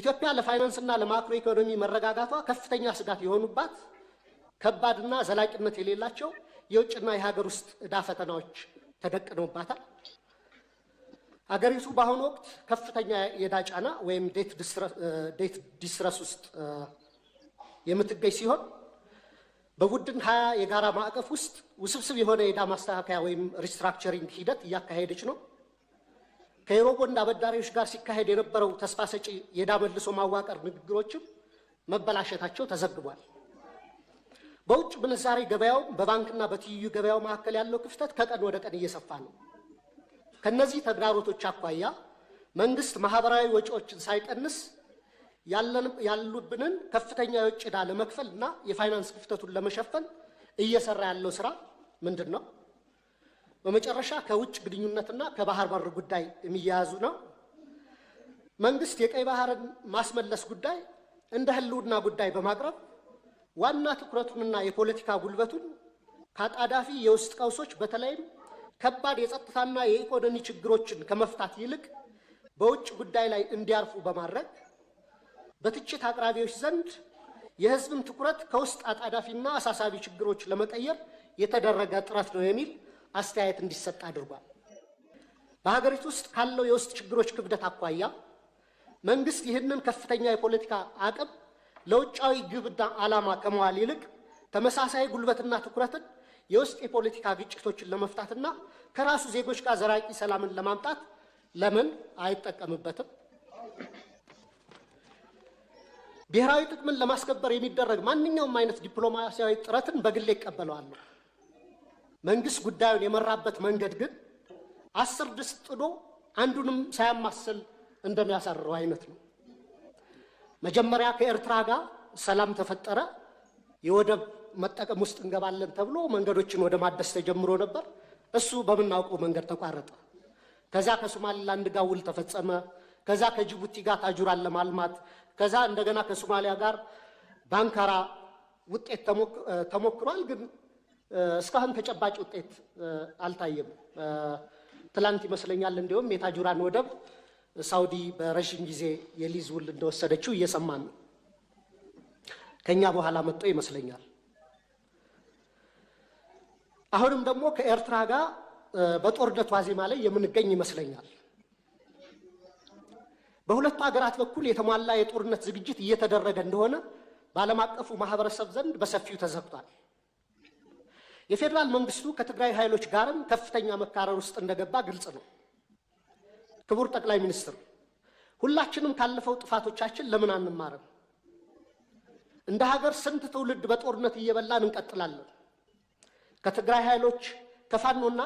ኢትዮጵያ ለፋይናንስና ለማክሮ ኢኮኖሚ መረጋጋቷ ከፍተኛ ስጋት የሆኑባት ከባድና ዘላቂነት የሌላቸው የውጭና የሀገር ውስጥ ዕዳ ፈተናዎች ተደቅነውባታል። አገሪቱ በአሁኑ ወቅት ከፍተኛ የዕዳ ጫና ወይም ዴት ዲስትረስ ውስጥ የምትገኝ ሲሆን በቡድን ሀያ የጋራ ማዕቀፍ ውስጥ ውስብስብ የሆነ የዕዳ ማስተካከያ ወይም ሪስትራክቸሪንግ ሂደት እያካሄደች ነው። ከኢሮቦና አበዳሪዎች ጋር ሲካሄድ የነበረው ተስፋ ሰጪ የዕዳ መልሶ ማዋቀር ንግግሮችም መበላሸታቸው ተዘግቧል። በውጭ ምንዛሬ ገበያው በባንክና በትይዩ ገበያው መካከል ያለው ክፍተት ከቀን ወደ ቀን እየሰፋ ነው። ከነዚህ ተግዳሮቶች አኳያ መንግስት ማህበራዊ ወጪዎችን ሳይቀንስ ያሉብንን ከፍተኛ የውጭ ዕዳ ለመክፈል እና የፋይናንስ ክፍተቱን ለመሸፈን እየሰራ ያለው ስራ ምንድን ነው? በመጨረሻ ከውጭ ግንኙነትና ከባህር በር ጉዳይ የሚያያዙ ነው። መንግስት የቀይ ባህርን ማስመለስ ጉዳይ እንደ ህልውና ጉዳይ በማቅረብ ዋና ትኩረቱንና የፖለቲካ ጉልበቱን ከአጣዳፊ የውስጥ ቀውሶች በተለይም ከባድ የጸጥታና የኢኮኖሚ ችግሮችን ከመፍታት ይልቅ በውጭ ጉዳይ ላይ እንዲያርፉ በማድረግ በትችት አቅራቢዎች ዘንድ የህዝብን ትኩረት ከውስጥ አጣዳፊና አሳሳቢ ችግሮች ለመቀየር የተደረገ ጥረት ነው የሚል አስተያየት እንዲሰጥ አድርጓል። በሀገሪቱ ውስጥ ካለው የውስጥ ችግሮች ክብደት አኳያ መንግስት ይህንን ከፍተኛ የፖለቲካ አቅም ለውጫዊ ግብና ዓላማ ከመዋል ይልቅ ተመሳሳይ ጉልበትና ትኩረትን የውስጥ የፖለቲካ ግጭቶችን ለመፍታትና ከራሱ ዜጎች ጋር ዘራቂ ሰላምን ለማምጣት ለምን አይጠቀምበትም? ብሔራዊ ጥቅምን ለማስከበር የሚደረግ ማንኛውም አይነት ዲፕሎማሲያዊ ጥረትን በግሌ ይቀበለዋለሁ። መንግስት ጉዳዩን የመራበት መንገድ ግን አስር ድስት ጥዶ አንዱንም ሳያማስል እንደሚያሳርረው አይነት ነው። መጀመሪያ ከኤርትራ ጋር ሰላም ተፈጠረ። የወደብ መጠቀም ውስጥ እንገባለን ተብሎ መንገዶችን ወደ ማደስ ተጀምሮ ነበር። እሱ በምናውቀው መንገድ ተቋረጠ። ከዛ ከሶማሊላንድ ጋር ውል ተፈጸመ። ከዛ ከጅቡቲ ጋር ታጁራን ለማልማት ከዛ እንደገና ከሶማሊያ ጋር በአንካራ ውጤት ተሞክሯል ግን እስካሁን ተጨባጭ ውጤት አልታየም። ትላንት ይመስለኛል እንዲሁም የታጁራን ወደብ ሳውዲ በረዥም ጊዜ የሊዝ ውል እንደወሰደችው እየሰማን ነው። ከኛ በኋላ መጥቶ ይመስለኛል። አሁንም ደግሞ ከኤርትራ ጋር በጦርነት ዋዜማ ላይ የምንገኝ ይመስለኛል። በሁለቱ ሀገራት በኩል የተሟላ የጦርነት ዝግጅት እየተደረገ እንደሆነ በዓለም አቀፉ ማህበረሰብ ዘንድ በሰፊው ተዘግቷል። የፌዴራል መንግስቱ ከትግራይ ኃይሎች ጋርም ከፍተኛ መካረር ውስጥ እንደገባ ግልጽ ነው። ክቡር ጠቅላይ ሚኒስትር፣ ሁላችንም ካለፈው ጥፋቶቻችን ለምን አንማርም? እንደ ሀገር ስንት ትውልድ በጦርነት እየበላን እንቀጥላለን? ከትግራይ ኃይሎች ከፋኖና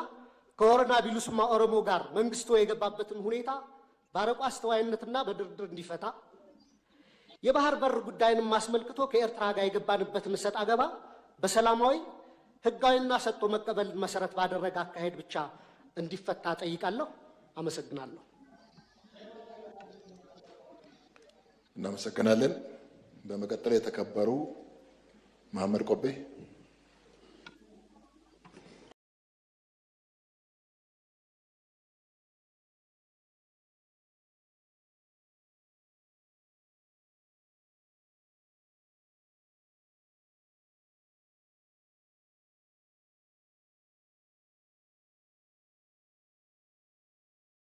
ከወረና ቢሉስማ ኦሮሞ ጋር መንግስቱ የገባበትን ሁኔታ በአርቆ አስተዋይነትና በድርድር እንዲፈታ የባህር በር ጉዳይንም አስመልክቶ ከኤርትራ ጋር የገባንበትን እሰጥ አገባ በሰላማዊ ህጋዊና ሰጥቶ መቀበል መሰረት ባደረገ አካሄድ ብቻ እንዲፈታ ጠይቃለሁ። አመሰግናለሁ። እናመሰግናለን። በመቀጠል የተከበሩ መሐመድ ቆቤ